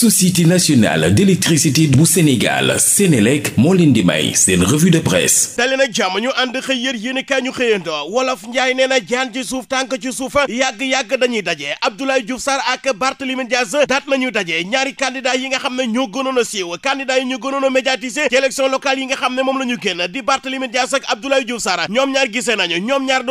société nationale d'électricité bu Sénégal Sénélec moo leen di may seen revue de presse dali nag jàmm ñu ànd xëy yër yéen i kaay ñu xëyandoo wolof njaay nee jaan ci suuf tànk ci suufa yàgg-yàgg dañuy daje Abdoulaye Diouf Sarr ak Barthélémy Dias daat nañu daje ñaari candidat yi nga xam ne ñoo gënoon a siiw candidat yi ñu gënoon a ci élection locale yi nga xam ne moom la ñu génn di Barthélémy Dias ak Abdoulaye Diouf Sarr ñoom ñaar gisee nañu ñoom ñaar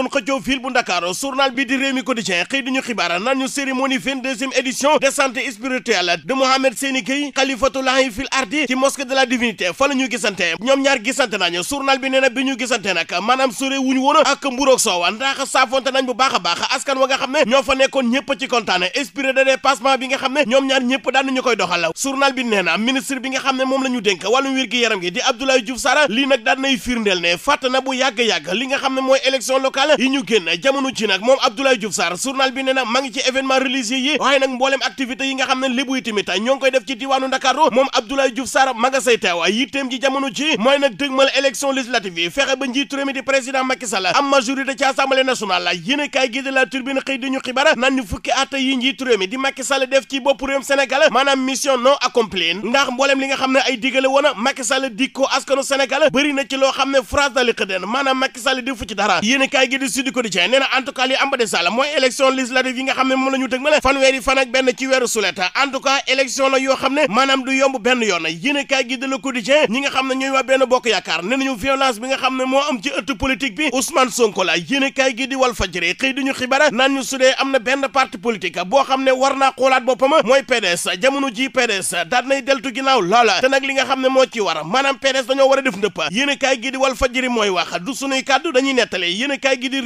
doon Ahmed Seyni Gueye xalifatulahi fil ardi ci mosquée de la divinité fa la ñu gisante ñoom ñaar gisante nañu journal bi nee bi ñu gisante nag maanaam sore wuñu woon ak mburoog soowa ndax saafonte nañ bu baax a baax askan wa nga xam ne ñoo fa nekkoon ñëpp ci kontaane esprit de dépassement bi nga xam ne ñoom ñaar ñëpp daan nañu koy doxal journal bi nee na ministre bi nga xam ne moom la ñu dénk wàllum wér gi yaram gi di Abdoulaye Diouf lii nag daan li nga xam ne mooy élection locale yi ñu génn jamono ci nag moom Abdoulaye Diouf Sarr journal ñoo ngi koy def ci diwaanu Ndakaaru moom Abdoulaye Diouf Sarr ma di président a kaay gi de la turbine xëy def ci bopp réewum Sénégal mission non accomplie ndax mboolem li nga xam ne ay digale woon Macky Sall dikkoo askanu Sénégal bëri ci loo xam ne phrase dali xëdeen maanaam Macky Sall defu dara a kaay gi di Sud Quotidien nee na yi nga xam ne moom la ñu dëgmal fanweeri fan ak benn ci weeru sulet élection la yoo xam ne maanaam du yomb benn yoon yéen kaay gi de Le Quotidien ñi nga xam ne ñooy waa benn bokk yaakaar ne nañu violence bi nga xam ne moo am ci ëtt politique bi Ousmane Sonko la yéen kaay gi di Walf Fadjri xëy duñu xibara naan ñu sudee am na benn parti politique boo xam ne war naa xoolaat boppam mooy PDS jamono ji PDS daat nay deltu ginnaaw loola te nag li nga xam ne moo ci war maanaam PDS dañoo war a def ndëpp yéen kaay gi di Walf Fadjri mooy wax du sunuy kàddu dañuy nettale yéen kaay gi di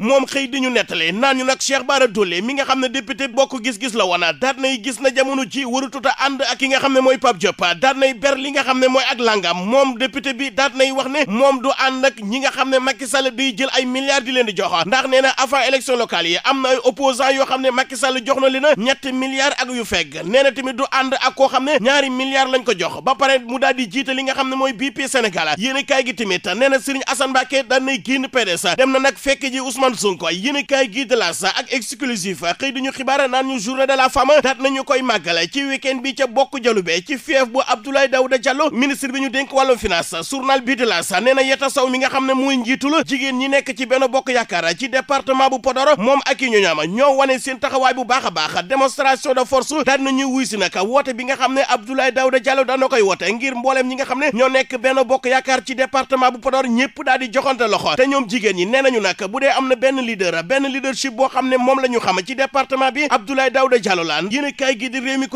moom xëy di ñu nettale naan ñu nag Cheikh Bara mi nga xam ne député bokk gis-gis la woon daat nay gis na jamono ji waratuta ànd ak ki nga xam ne mooy Pape Diop daat nay ber li nga xam ne mooy ak langam moom député bi daat nay wax ne moom du ànd ak ñi nga xam ne Macky Sall day jël ay milliards di leen di jox ndax nee na avant élection yi am na ay opposants yoo xam ne Macky Sall jox na leen ñetti milliards ak yu fegg nee na tamit du ànd ak koo xam ne ñaari milliards lañ ko jox ba pare mu daal di jiite li nga xam ne mooy BP Sénégal yéen i kaay gi tamit nee na Serigne Assane Mbacké na nag fekk ji Ousmane Sonko yéen i kaay gi la ak exclusif xëy di ñu xibaar naan ñu journée de la femme daat nañu koy màggale ci week bi ca bokk jalube ci fief bu Abdoulaye Daouda Diallo ministre bi ñu dénk wàllu finance journal bi de la sa nee na Yata Sow mi nga xam ne muy njiitul jigéen ñi nekk ci benn bokk yaakaar ci département bu Podor moom ak i ñooñaama ñoo wane seen taxawaay bu baax a baax démonstration de force daan nañuy wuy si nag woote bi nga xam ne Abdoulaye Daouda Diallo daan na koy woote ngir mbooleem ñi nga xam ne ñoo nekk benn bokk yaakaar ci département bu Podor ñëpp daal di joxante loxo te ñoom jigéen ñi nee nañu nag bu dee am na benn leader benn leadership boo xam ne moom la ñu xam ci département bi a kaay gi di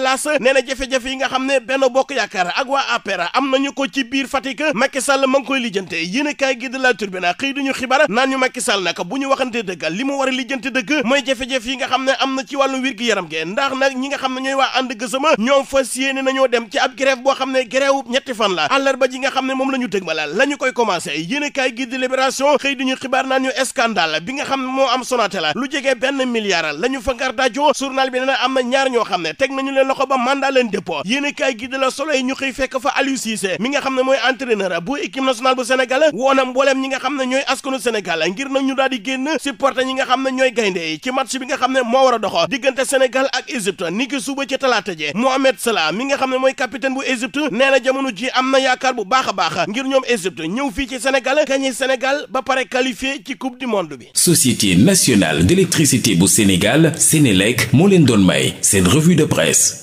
laas nee na jafe-jafe yi nga xam ne benn bokk yaakaar ak waa APR am nañu ko ci biir Fatick Macky Sall ma ngi koy lijjante yéen gi de la Tribune xëy duñu xibaar naan ñu Macky Sall nag bu ñu waxante dëgg li mu war a lijjante dëgg mooy jafe yi nga xam ne am na ci wàllum wér gi yaram ge ndax ñi nga xam ne ñooy waa ànd gësama ñoom fas yéene nañoo dem ci ab grève boo xam ne grève ñetti fan la àllarba ji nga xam ne moom la ñu dëgmalal la ñu koy commencé yéen a kaay gi duñu xibaar naan ñu scandale bi nga xam ne moo am Sonatel la lu jege benn milliard la ñu fa ngar daajoo journal bi nee am na ñaar ñoo xam ne teg nañu leen loxo ba mandat leen dépôt yéenekaay gi di la solo yi ñu xëy fekk fa Aliou Cissé mi nga xam ne mooy entraîneur bu équipe nationale bu Sénégal woona mbooleem ñi nga xam ne ñooy askanu Sénégal ngir nag ñu daal di génn supporter ñi nga xam ne ñooy gaynde yi ci match bi nga xam ne moo war a dox diggante Sénégal ak Égypte ni ki suba ci talaata ji Mohamed Salah mi nga xam ne mooy capitaine bu Égypte nee na jamono ji am na yaakaar bu baax a baax ngir ñoom Égypte ñëw fii ci Sénégal gagné Sénégal ba pare qualifié ci coupe du monde bi Société nationale d'électricité bu Sénégal Sénélec moo leen doon may seen revue de presse